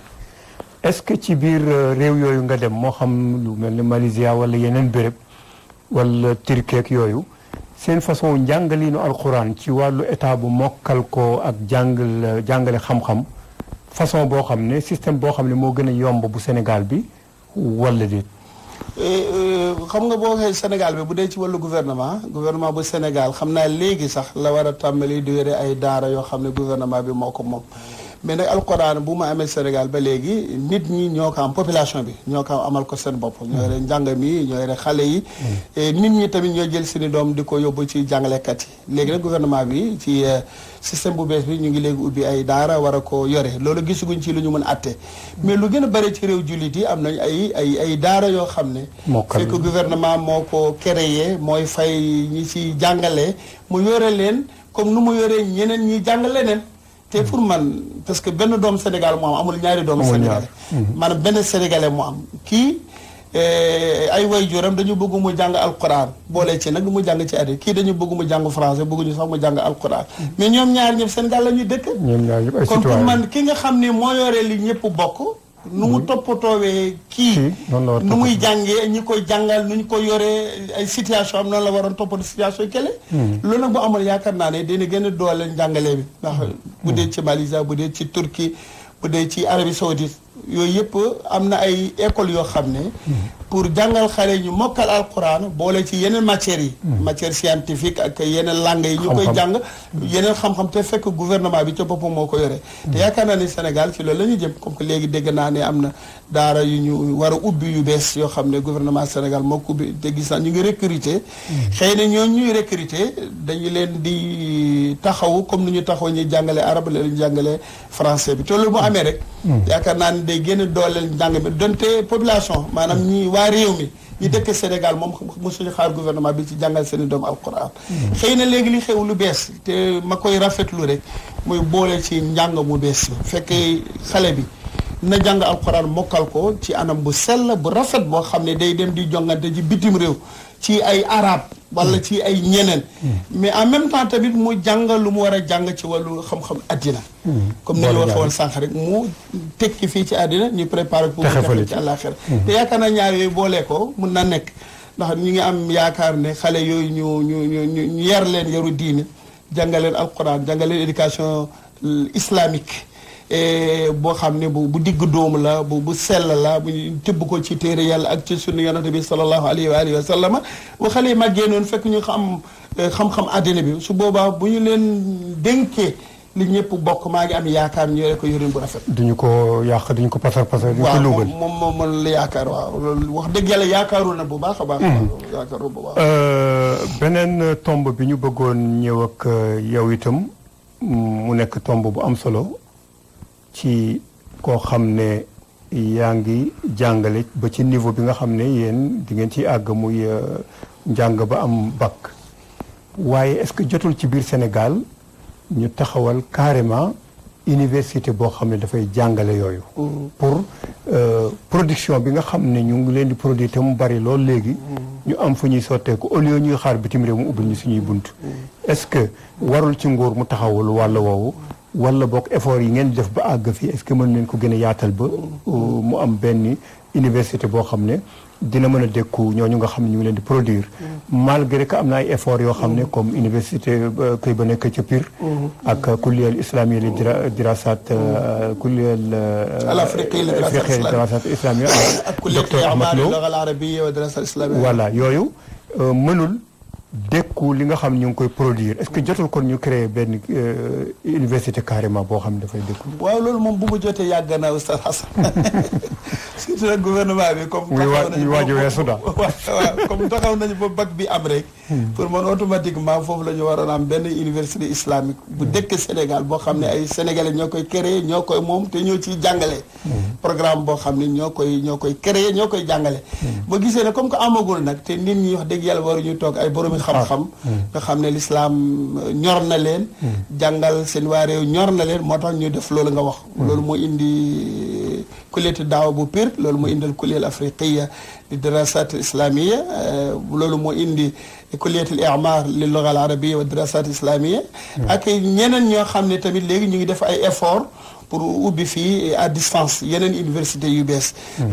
est-ce que ci biir réew yooyu nga dem moo xam lu mel ni Malaysia wala yeneen béréb wala Turquie yooyu. seen façon njàngaliinu alxuraan ci wàllu état bu mokkal ko ak jàngal jàngale xam-xam façon boo xam ne système boo xam ne moo gën a yomb bu Sénégal bi walla déet. Eh, eh, xam nga boo Sénégal bi bu dee ci wàllu gouvernement gouvernement bu Sénégal xam naa léegi sax la war a tàmbali di yore ay daara yoo xam ne gouvernement bi moo ko moom. mais nag alxuraan bu ma amee Sénégal ba léegi nit ñi ñoo ko am population bi ñoo ko amal ko seen bopp. ñoo yore njàng mi ñoo yore xale yi. nit ñi tamit ñoo jël seeni doom di ko yóbbu ci jàngalekat yi léegi nag gouvernement bi ci. Euh, système bu bees bi ñu ngi léegi ubbi ay daara war a ko yore loolu gisaguñ ci lu ñu mën atte mais lu gën a bëri ci réew jullit yi am nañ ay ay ay daara yoo xam ne fekk gouvernement moo ko créé mooy fay ñi ci jàngale mu yore leen comme nu mu yore ñeneen ñi jàng leneen te pour man parce que benn doom Sénégal moo am amul ñaari doomu Sénégal mhm. maanaam benn sénégalais moo am kii eh, ay waajuram dañu bëgg mu jàng alquran boole ci nag mu jàng ci addi kii dañu bëgg mu jàng français bëgguñu sax mu jàng alquran mhm. mais ñoom ñaar ñëpp Sénégal la ñuy dëkk kon pour man ki nga xam ne moo yore li ñëpp bokk nu mu topp hmm. toppatoowee kii hmm. nu muy jàngee ñi koy jàngal nu ñu koy yore ay situation am na la waroon toppatoo situation kele hmm. loolu nag bu amul yaakaar naa ne dina gën a doole njàngale bi ndax bu dee ci Malaisie bu dee ci Turquie bu dee ci Arabie Saoudite yooyu yëpp am na ay école yoo xam ne pour jàngal xale ñu mokkal alquran boole ci yeneen matières yi. Hmm. matière scientifique ak yeneen langue yi. ñu koy jàng yeneen xam-xam te fekk gouvernement bi ca boppam moo ko yore. te hmm. yaakaar naa ne Sénégal ci loolu la ñu jëm comme que léegi dégg naa ne am na daara yu ñu war a ubbi bees yoo xam ne gouvernement Sénégal moo ko ubbi te gis ñu ngi recruter. Hmm. xëy na ñooñu ñuy recruter dañu leen di taxawu comme ni ñu taxaw ñuy jàngale arab la ñu jàngale français bi te loolu amee rek. yaakaar naa ne day gën dooleel njàng mi donte population maanaam ñi waa réew mi ñi dëkk Sénégal moom mosuñu xaar gouvernement bi ci jàngal seen i doomu alquran xëy na léegi li xew lu bees te ma koy rafetlu rek muy boole ci njàng mu bees bi fekkee xale bi na jàng alquran mokkal ko ci anam bu sell bu rafet boo xam ne day dem di jongante ci bitim réew ci ay arab walla hmm. ci ay ñeneen hmm. mais en même temps tamit mu jàng lu mu war a jàng ci wàllu xam-xam addina hmm. comme ni ñu waxee woon sànq rek mu tekki fii ci àddina ñu préparé pour mu ci àllaaxira te yaakaar naa ñaar yooyu boolee ko mun na nekk ndax ñu ngi am yaakaar ne xale yooyu ñu ñu ñu ñu yar leen yaru diine jàngaleen alquran jàngaleen éducation islamique Eh, boo xam ne bu bu digg dóomu la bu bu sell la bu tibb ko ci téere yàlla ak ci sunna yonent bi sallallahu alayhi wa alihi wa sallama bu xale yi màggee noonu fekk ñu xam eh, xam-xam àddina bi su boobaa bu ñu leen dénkee li ñëpp bokk maa am yaakaar ñu ko yorin bu rafet. duñu ko yàq duñu ko pasar pasar. duñu ko luubal waaw moom moom moom la yaakaar waaw loolu wax dëgg yàlla yaakaaru na bu baax a baax. Mm-hmm. yaakaaru baax. Euh, beneen tomb bi ñu bëggoon ñëw ak euh, yow itam mu nekk tomb bu am solo. ci koo xam ne yaa ngi jàngale ba ci niveau bi nga xam ne yéen di ngeen ci àgg muy euh, njàng ba am bac waaye est-ce que jotul ci biir Sénégal ñu taxawal carrément université boo xam ne dafay jàngale yooyu mm-hmm. pour euh, production bi nga xam ne ñu ngi leen di produire te mu bari loolu léegi mm-hmm. ñu am fu ñuy sotteeku au lieu ñuy xaar bitim réew mu ubbil ñu suñuy bunt mm-hmm. est-ce que warul ci nguur mu taxawul wàll woowu wala book effort yi ngeen def ba àgg fi est-ce que mën nañ ko gën a yaatal ba euh, mu am benn université boo xam ne dina mën a dékku ñooñu nga xam ne ñu ngi leen di produire mm-hmm. malgré que am na ay effort yoo xam ne mm-hmm. comme université euh, këy ba nekk ca Pire mm-hmm. ak kulliyal islamia euh, li dirasat kulliyal al afriqiya li dirasat islamia ak docteur Ahmad Lo voilà yooyu mënul dékku li nga xam ñu ngi koy produire est-ce que jotul kon ñu créer benn euh, université carrément boo xam ne dafay dékku. waaw loolu moom bu ma jotee yàgg na Oustaz Hassan surtout nag gouvernement bi. comme taxaw nañu muy waaj weesu daal. waaw comme taxaw nañu ba bac bi am rek. Hmm. pour man automatiquement foofu la ñu waroon am benn université islamique. bu hmm. dëkk Sénégal boo xam ne ay sénégalais ñoo koy créer ñoo koy moom te ñoo ci jàngale. Hmm. programme boo xam ne ñoo koy ñoo koy créer ñoo koy jàngale. ba gisee ne comme que amagul nag te nit ñi wax dëgg ay borom xam-xam hmm. nga xam ne lislaam euh, ñor na leen hmm. jàngal seen waa réew ñor na leen moo tax ñu def loolu nga wax hmm. loolu moo indi euh, kuleetu daawa bu Pire loolu moo indil kuleel afriqiya li dirasat islamia euh, loolu moo indi kulliyatul i'mar li lugha al arabiyya wa dirasat ak ñeneen ñoo xam ne tamit léegi ñu ngi def ay effort pour ubbi fii à distance yeneen université yu bees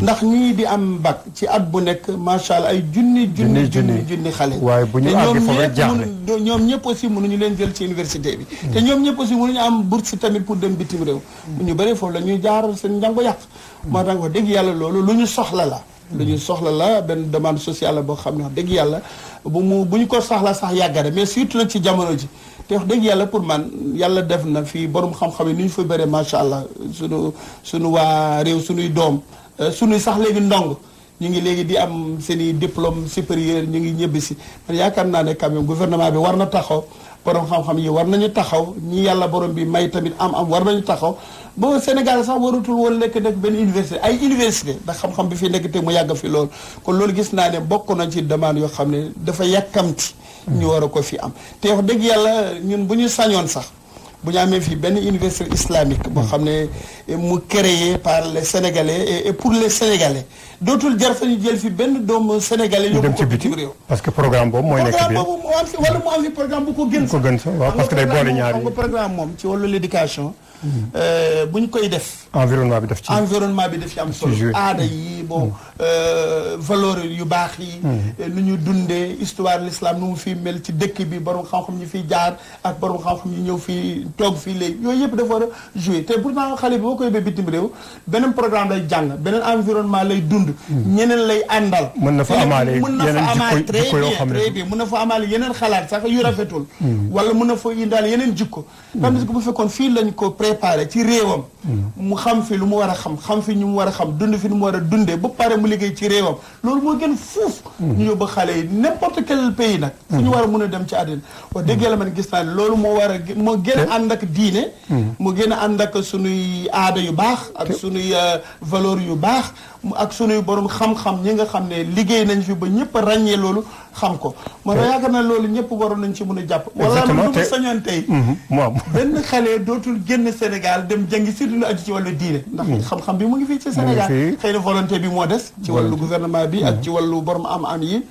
ndax ñii di am bac ci at bu nekk macha allah ay junni junni junni junni xale waaye bu ñu àggee foofu rek jaaxle ñoom ñëpp aussi mënuñu leen jël ci université bi hmm. te ñoom ñëpp aussi mënuñu am bourse tamit pour dem bitim réew hmm. ñu bëri foofu la ñuy jaar seen njàngo yàq hmm. moo tax wax dëgg yàlla loolu lu ñu soxla la lu ñu soxla la benn demande sociale la boo xam ne wax dëgg yàlla bu mu bu ñu ko soxla sax yàggare mais surtout nag ci jamono ji te wax dëgg yàlla pour man yàlla def na fii borom xam-xam yi ni ñu fa bëree macha allah sunu sunu waa réew sunuy doom euh, sunuy sax léegi ndong ñu ngi léegi di am seen i diplôme supérieur ñu ngi ñëbbi si yaakaar naa ne quand même gouvernement bi war na taxaw borom xam-xam yi war nañu taxaw ñi yàlla borom bi may tamit am am war nañu taxaw bo Sénégal sax waratul woon nekk nag benn université ay université ndax xam-xam bi fi nekk te mu yàgg fi loolu kon loolu gis naa ne bokk nañ ci demande yoo xam ne dafa yàkkamti ñu war a ko fi am te wax dëgg yàlla ñun bu ñu sañoon sax bu ñu amee fii benn université islamique boo xam ne mu créé par les sénégalais et pour le sénégalais dootul jar sañu jël fi benn doomu sénégalais. yóbbu ko bitim réew parce que programme boobu mooy nekk bi boobu mu am fi wala mu am fi programme bu ko gën sax. ko gën sax waaw parce que day boole ñaar yi programme hmm. euh, bu ñu koy def. environnement bi def ci environnement bi daf ci am solo. aada yi hmm. bon euh, valeur yu baax yi. Hmm. Euh, nu ñu dundee histoire l'islam nu mu fi mel ci dëkk bi borom xam-xam ñu fiy jaar ak borom xam-xam ñu ñëw fii toog fii léegi yooyu yëpp dafa war a jouer te pourtant xale bi boo koy ba bitim réew beneen programme lay jàng beneen environnement lay dund. dund. ñeneen lay àndal. mën na fa amaale yeneen jikko yoo xam ne très bien mën na fa amaale yeneen xalaat sax yu rafetul. Hmm. wala mën na fa indaal yeneen jikko. Hmm. tandis ko bu fekkoon fii lañ ko préparé ci réewam. Hmm. mu xam fi lu mu war a xam xam fi ñu mu war a xam dund fi ñu mu war a dundee ba pare mu liggéey ci réewam loolu moo gën fuuf. ñu yóbbu xale yi n'importe quel nag. fu ñu war a mën a dem ci àddina. wax dëgg yàlla man gis naa ne loolu moo war a moo gën ànd ak diine. mu gën a ànd ak sunuy aada yu baax ak sunuy euh, valeur yu baax. ak sunuy borom xam-xam ñi nga xam ne liggéey nañu fi ba ñëpp ràññee loolu xam ko man yaakaar na loolu ñëpp waroon nañ ci mën a jàpp wala lu mu sañoon tey mhm, waaw benn xale dootul génn Sénégal dem jàngi surtout lu aju ci wàllu diine ndax mhm. xam-xam bi mu ngi fi ci Sénégal xëy na bi moo des ci wàllu gouvernement bi ak mhm. ci wàllu borom am am yi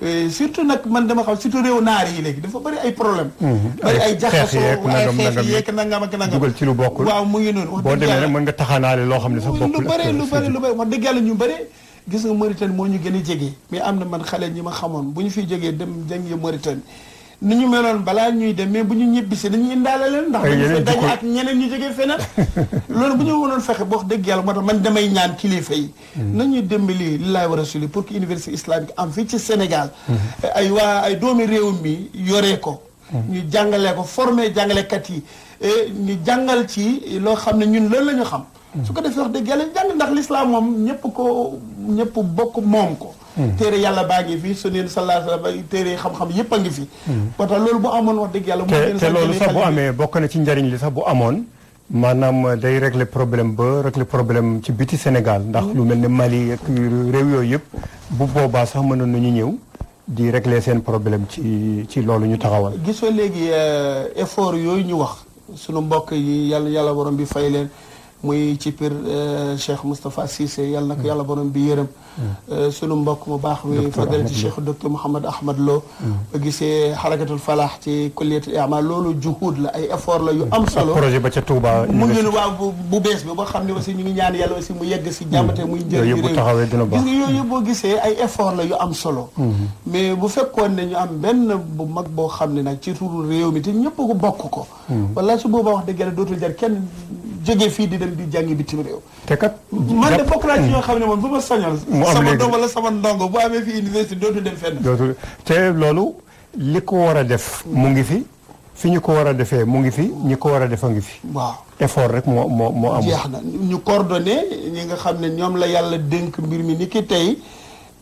Euh, surtout nag man dama xam surtout réew naar yi léegi dafa bëri ay problème mhm. bëri ay jaxasoo ay xeex yeeg nangam ak nangam dugal ci lu bokkul waaw mu ngi noonu boo demee nag mën nga taxanaale loo xam ne sax bokkul lu bëri lu bëri lu bëri wax dëgg yàlla ñu gis nga Mauritanie moo ñu gën a jege mais am na man xale ñi ma xamoon bu ñu fiy jegee dem jàngi Mauritanie ni ñu meloon balaa ñuy dem mais bu ñu ñibbisi dañuy indaale leen ndax dañu fa daje ak ñeneen ñu jógee feneen loolu bu ñu wonoon fexe boo wax dëgg yàlla man damay ñaan kilifa yi mm. nañuy dimbali li laay war a suli pour que université islamique am fii ci Sénégal mm. ay waa ay doomi réew mi yoree ko mm. ñu jàngalee ko formé jàngalekat yi e, ñu jàngal ci loo xam ne ñun loolu lañu xam su ko defee wax dëgg yàlla jàng ndax l'islam moom ñëpp ko ñëpp bokk moom ko Hmm. téere yàlla baa ngi fi sunneen sallallahu alayhi wasallam téere xam-xam yëpp a ngi fi hmm. ba tax loolu bu amoon wax dëgg yàlla mu te loolu sax bu amee bokk na ci njariñ li sax bu amoon maanaam day régler problème ba régler problème ci biti Sénégal ndax hmm. lu mel ne Mali ak réew yooyu yëpp bu boobaa sax mënoon nañu ñëw di régler seen problème ci ci loolu ñu taxawal gis nga léegi euh, effort yooyu ñu wax sunu mbokk yi yàlla yàlla waroon bi fay leen muy ci biir euh, Cheikh Moustapha Cissé yal na ko yàlla borom bi yërëm euh, sunu mbokk mu baax mi fadal ci Cheikh docteur Mouhamed Ahmad Lo mm. ba gisee xarakatul falaax ci kulliyatul amal loolu juhud la ay effort la yu am solo projet ba ca Touba mu ngi waaw bu bu bees bi ba xam ne aussi ñu ngi ñaan yàlla aussi mu yegg si jàmbate muy mm. njëriñ réew gis nga yooyu boo gisee ay effort la yu am solo mm-hmm. mais bu fekkoon ne am benn bu mag boo xam ne nag ci turu réew mi te ñëpp ko bokk ko mm. wala su boobaa wax dëgg yàlla dootul jar kenn jóge fii di dem di jàngi bitim réew. te kat man de bokk ñoo xam ne moom bu ma sañal. mu am sama wala sama ndongo bu amee fii université dootu dem fenn. dootu te loolu li ko war a def. mu ngi fi fi ñu ko war a defee mu ngi fi ñi ko war a def ngi fi. waaw effort rek moo moo moo jeex na ñu coordonné ñi nga xam ne ñoom la yàlla dénk mbir mi ni ki tey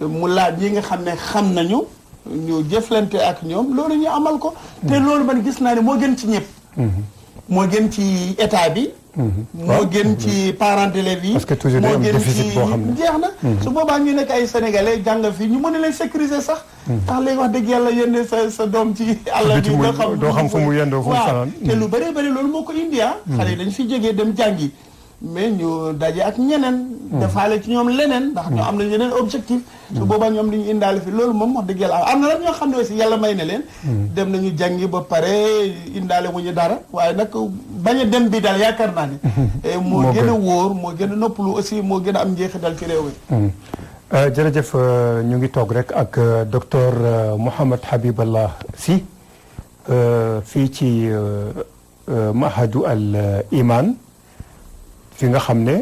mu laat ñi nga xam ne xam nañu. ñu jëflante ak ñoom loolu ñu amal ko. te mm. loolu man gis naa ne moo gën ci ñëpp. Mm-hmm. moo gën ci état bi. Mm-hmm. moo gën ci parents d'élèves yi. parce que toujours day am déficit boo xam ne moo gën ci jeex na. Mm-hmm. su boobaa ñu nekk ay sénégalais jàng fii ñu mën a leen sécuriser sax. tax mm-hmm. lay wax dëgg yàlla yéen sa sa doom ci. àll bi doo xam doo xam fu mu yendoo fu mu fanaan. te lu bare bëri loolu moo ko india ah. xale yi dañ fi jógee dem jàngi. mais ñu daje ak ñeneen. defaale ci ñoom leneen. ndax ñoo am nañ ñeneen objectif. su boobaa ñoom li ñu indaale fi loolu moom wax dëgg yàlla am na nag ñoo xam ne aussi yàlla may na leen. dem nañu jàngi ba pare indaale wu dara waaye nag bañ a dem bi daal yaakaar naa ni moo gën a wóor moo gën a noppalu aussi moo gën a am dal ci réew mi. Hmm. Euh, jërëjëf euh, ñu ngi toog rek ak euh, docteur Mouhamed Habiballah Sy fii ci mahadu al imaan fi nga xam ne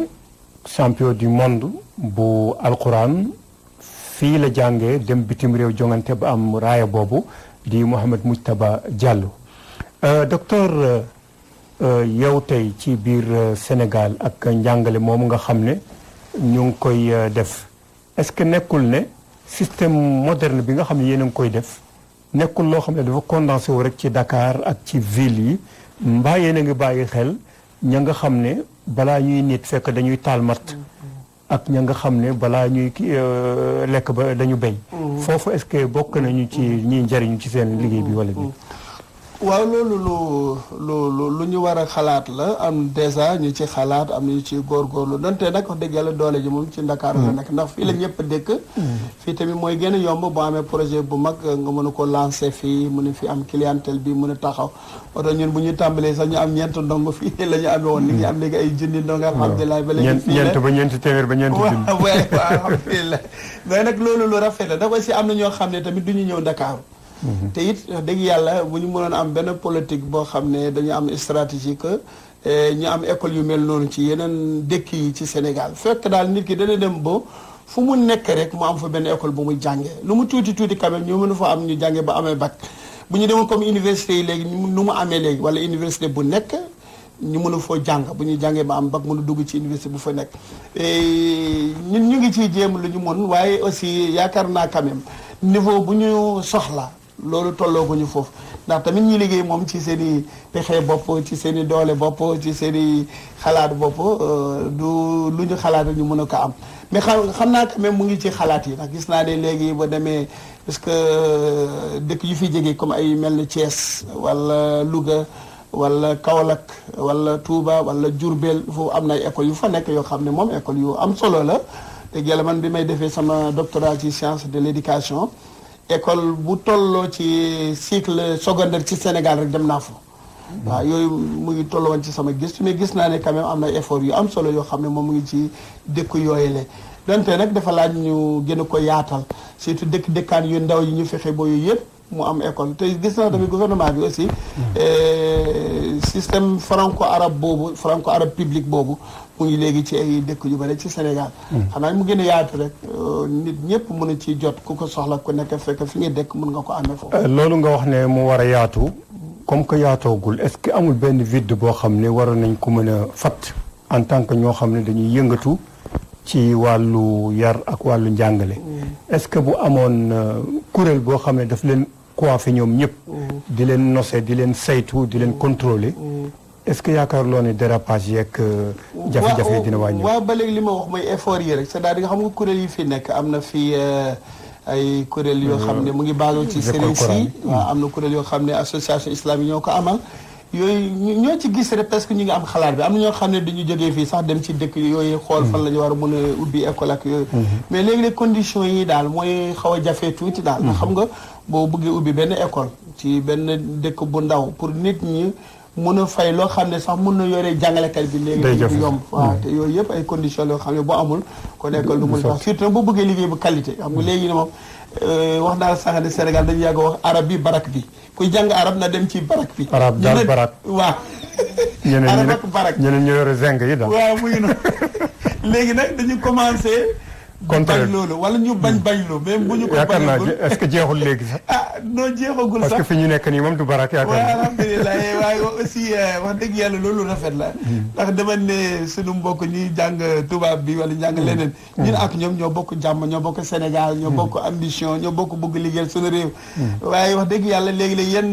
champion du monde bu alquran fii la jànge dem bitim réew jongante ba am raaya boobu di Mouhamed Moujtaba Diallo euh, docteur euh, yow tey ci biir euh, Sénégal ak njàngale moomu nga xam ne ñu ngi koy def est-ce que nekkul ne système moderne bi nga xam ne yéen a ngi koy def nekkul loo xam ne dafa condensé wu rek ci dakaar ak ci ville yi mbaa yéen ngi bàyyi xel ña nga xam ne balaa ñuy nit fekk dañuy taal matt ak ña nga xam ne balaa ñuy euh, lekk ba dañu béy mm. foofu est-ce que bokk nañu ci ñiy njariñu ci seen liggéey bi wala bi mm. waaw loolu lu lu lu ñu war a xalaat la am dèjà ñu ci xalaat am ñu ci góorgóorlu donte nag wax dëgg yàlla doole ji moom ci Ndakaar la mm. nag ndax fii la ñëpp dëkk mm. fii tamit mooy gën yomb boo amee projet bu mag nga mën ko lancer fii mën a fi am clientèle bi mën a taxaw oto ñun bu ñu tàmbalee sax ñu am ñeent ndongo fii la ñu amee am léegi ay junni ndongo alhamdulilah ba léegi fii ñeent ba ñeenti téeméer ba ñeenti junni waaw waaw la mais nag loolu lu rafet la da ko si am na ñoo xam ne tamit du ñu ñëw Ndakaar Mm-hmm. te it wax dëgg yàlla bu ñu mënoon am benn politique boo xam ne dañu am stratégie que eh, ñu am école yu mel noonu ci yeneen dëkk yi ci Sénégal fekk daal nit ki dana dem ba fu mu nekk rek mu am fa benn école bu muy jàngee lu mu tuuti tuuti quand même ñu mën fa am ñu jàngee ba amee bag bu ñu demoon comme université yi léegi nu mu amee léegi wala université bu nekk ñu mën a foo jàng bu ñu jàngee ba am bac mën a dugg ci université bu fa nekk eh, ñun ñu ngi ciy jéem lañu ñu mën waaye aussi yaakaar naa quand niveau bu ñu soxla loolu tollooguñu foofu ndax tamit ñi liggéey moom ci seen i pexe bopp ci seen i doole bopp ci seeni i xalaat bopp euh, du lu ñu xalaat ñu mën a ko am mais xam xam naa quand même mu ngi ci xalaat yi ndax gis naa ne léegi ba demee parce que euh, dëkk yu fi jege comme ay mel ni Thiès wala Louga wala Kaolack wala Touba wala Diourbel foofu am na ay écoles yu fa nekk yoo xam ne moom école yu am solo la te yàlla man bi may defee sama doctorat ci science de l' éducation école bu tolloo ci cycle secondaire ci Sénégal rek dem naa fa. waaw yooyu mu ngi toll woon ci sama gis mais gis naa ne quand am na effort yu am solo yoo xam ne moom mu ngi ci dëkk yooyu le donte nag dafa laaj ñu gën a ko yaatal surtout dëkk dëkkaan yu ndaw yi ñu fexe ba yëpp mu am école te gis naa tamit gouvernement bi aussi hmm. euh, système franco arabe boobu franco arabe public boobu mu ngi léegi ci ay dëkk yu bare ci Sénégal. Hmm. xanaa mu gën a yaatu rek euh, nit ñëpp mën a ci jot ku ko soxla ku nekk fekk fi nga dëkk mën nga ko amee foofu. Euh, loolu nga wax ne mu war a yaatu comme que yaatoogul est-ce que amul benn vide boo xam ne waroon nañ ko mën a fat en tant que ñoo xam ne dañuy yëngatu ci wàllu yar ak wàllu njàngale. Hmm. est-ce que bu amoon euh, kuréel boo xam ne daf leen coiffé ñoom ñëpp. Hmm. di leen nose di leen saytu di leen contrôler. est-ce que yaakaar loo ne dérapage yeeg euh, jafe-jafe dina wàññi waaw ba léegi li ma wax mooy effort yi rek cest à nga xam nga kuréel yi fi nekk am na fi euh, ay kuréel yoo xam ne mu ngi baaloo ci sëriñ si waaw am na kuréel yoo xam ne association islamique ñoo ko amal yooyu ñoo ci gis rek parce que ñu ngi am xalaat bi am na ñoo xam ne dañu jógee fii sax dem ci dëkk yooyu xool fan la ñu war a mën a ubbi école ak yooyu mhm. mais léegi les conditions yi daal mooy xaw a jafe tuuti daal mhm. xam nga boo bëggee ubbi benn école ci benn dëkk bu ndaw pour nit ñi mën a fay loo xam ne sax mën na yore jàngalekat bi léegi yomb hmm. waaw te yooyu yëpp ay condition yoo xam ne boo amul ko nekkal du mën tax surtout boo bëggee liggéey bu qualité xam nga hmm. léegi euh, ne moom wax bi barak bi kuy jàng arab na dem ci barak bi arab daal barak waaw arab ak barak ñeneen ñu yore zeng yi daal waaw muy noonu léegi nag dañu commencé contraire bañ loolu wala ñu bañ hmm. bañ loo même bu ñu ko yaakaar naa est-ce que jeexul léegi sax. ah non jeexagul sax parce que fi ñu nekk nii moom du barak yaakaar naa. waaw alhamdulilah eh, waaye aussi eh, wax dëgg yàlla loolu rafet la. Hmm. ndax dama ne sunu mbokk ñuy jàng tubaab bi wala jàng hmm. leneen. ñun ak ñoom ñoo bokk jàmm ñoo bokk Sénégal. ñoo bokk ambition ñoo bokk bëgg liggéeyal sunu réew. waaye wax dëgg yàlla léegi-léeg yenn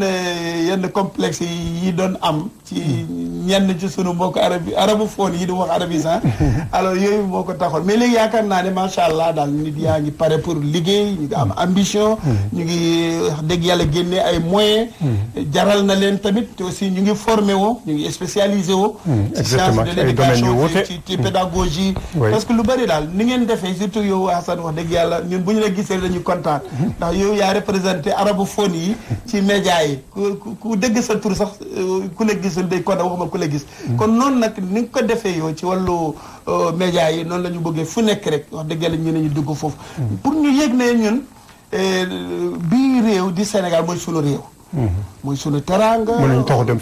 yenn complexe yi doon am. ci ñenn ci sunu mbokk arabi arabophone yi di wax arabisan. alors yooyu moo ko taxoon mais léegi yaakaar naa ne macha allah daal nit yaa ngi pare pour liggéey ñu ngi am ambition. Hmm. ñu ngi wax dëgg yàlla génne ay moyens. Hmm. jaral na leen tamit aussi ñu ngi formé woo ñu ngi spécialisé woo. Hmm, exactement ci ay domaines yu wuute ci ci pédagogie. parce que lu bari daal ni ngeen defee surtout yow Assane wax dëgg yàlla ñun bu ñu la gisee dañu kontaan. ndax yow yaa représenté arabophone yi ci média yi ku ku dëgg sa tur sax euh, ku la gisul day kontaan waxuma ku la gis. kon noonu nag ni nga ko defee yow ci wàllu. Euh, médias yi noonu la ñu bëggee fu nekk rek wax dëgg yàlla ñu dugg foofu. Hmm. pour ñu yëg ne ñun eh, bii réew di Sénégal mooy sunu réew. Hmm. mooy sunu teraanga.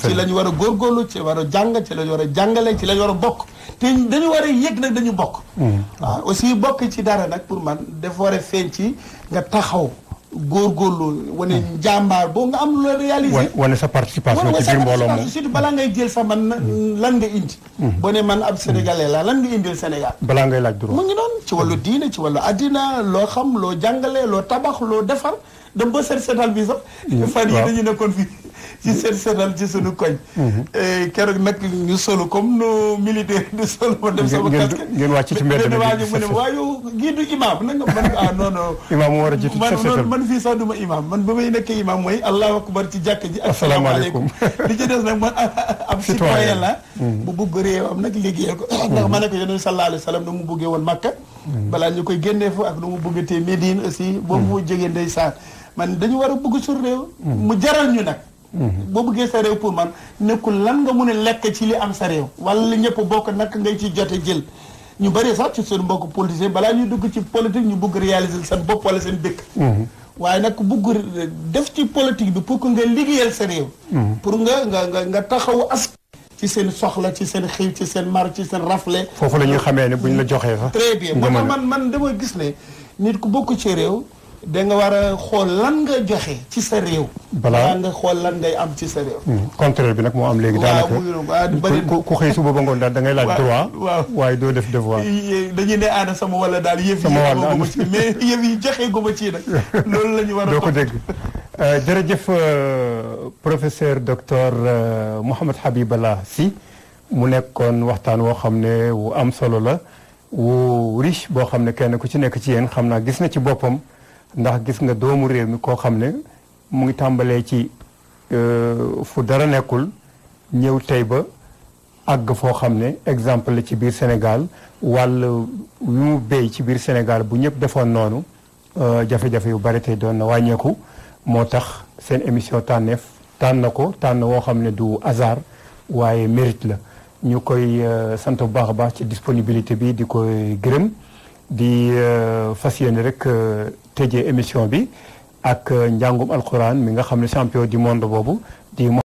ci la ñu war a góor góorgóorlu ci war a jàng ci la war a jàngale ci la ñu war a bokk. te dañu war a yëg nag dañu bokk. waaw hmm. ah, aussi bokk ci dara nag pour man dafa war a feeñ ci nga taxaw. góor góorgóorlu wane hmm. jàmbaar boo nga am lu la réalisé wane sa participation ci biir mbooloo moom surtout balaa ngay jël sa man hmm. lan nga indi hmm. boo ne man ab sénégalais la lan nga indil Sénégal balaa ngay laaj duru mu ngi noonu ci wàllu diine ci wàllu addina loo xam loo jàngale loo tabax loo defar dem ba set seetal bi sax fan yi dañu nekkoon fii ci seen seenal ci suñu koñ. keroog nag ñu solo comme nu militaire di solo ma dem sama casque ngeen wàcc ci mbedd mi waajo mu ne waaye gii du imam nag ah, man ah a man man fii sax man ba may nekk imam mooy allahu akbar ci jàkk ji asalaamaaleykum li ci des nag man ab citoyen la mm. bu bëgg am nag liggéeyal ko mm. ma ne ko yonent sallallahu alayhi wa sallam mu bëggee woon Makka mm. balaa ñu koy génnee fa ak nu mu bëggatee Médine aussi boobu mu jógee ndeysaan man dañu war a bëgg sur réew mu jaral ñu nag boo bëggee sa réew pour man nekkul lan nga mun a lekk ci li am sa réew wala li ñëpp bokk naka ngay ci jote jël ñu bëri sax ci suñu mbokk politicien balaa ñuy dugg ci politique ñu bëgg réaliser seen bopp wala seen dëkk mhm. waaye nag bëgg def ci politique bi pour nga liggéeyal sa réew mhm. pour nga nga nga nga taxaw as ci seen soxla ci seen xiw ci seen mar ci seen rafle foofu la ñuy xamee ne ñu la joxee sax très bien moo tax man man dama gis ne nit ku bokk ci réew da nga war a xool lan nga joxe ci sa réew. balaa nga xool lan ngay am ci sa réew. Hmm. contraire bi nag moo am léegi. daanaka ku ku xëy suba ba ngoon daal da ngay laaj. droit waaye doo def devoir. dañuy ne aana sama wala daal yëf yi. mais yëf yi joxe gu ma ci nag. loolu la ñu war a doo ko dégg euh, jërëjëf euh, professeur docteur euh, Mouhamed Habiballa Sy mu nekkoon waxtaan woo xam ne wu am solo la wu riche boo xam ne kenn ku ci nekk ci yéen xam naa gis na ci boppam. ndax gis nga doomu réew mi koo xam ne mu ngi tàmbalee ci euh, fu dara nekkul ñëw tey ba àgg foo xam ne exemple la ci biir Sénégal wàll wi mu béy ci biir Sénégal bu ñëpp defoon noonu euh, jafe-jafe yu bari tey doon na wàññeeku moo tax seen émission tànneef tànn na ko tànn woo xam ne du hasard waaye mérite la ñu koy euh, sant bu baax a baax ci disponibilité bi di koy gërëm di fas yéene rek tëjee émission bi ak euh, njàngum alquran mi nga xam ne champion du monde boobu di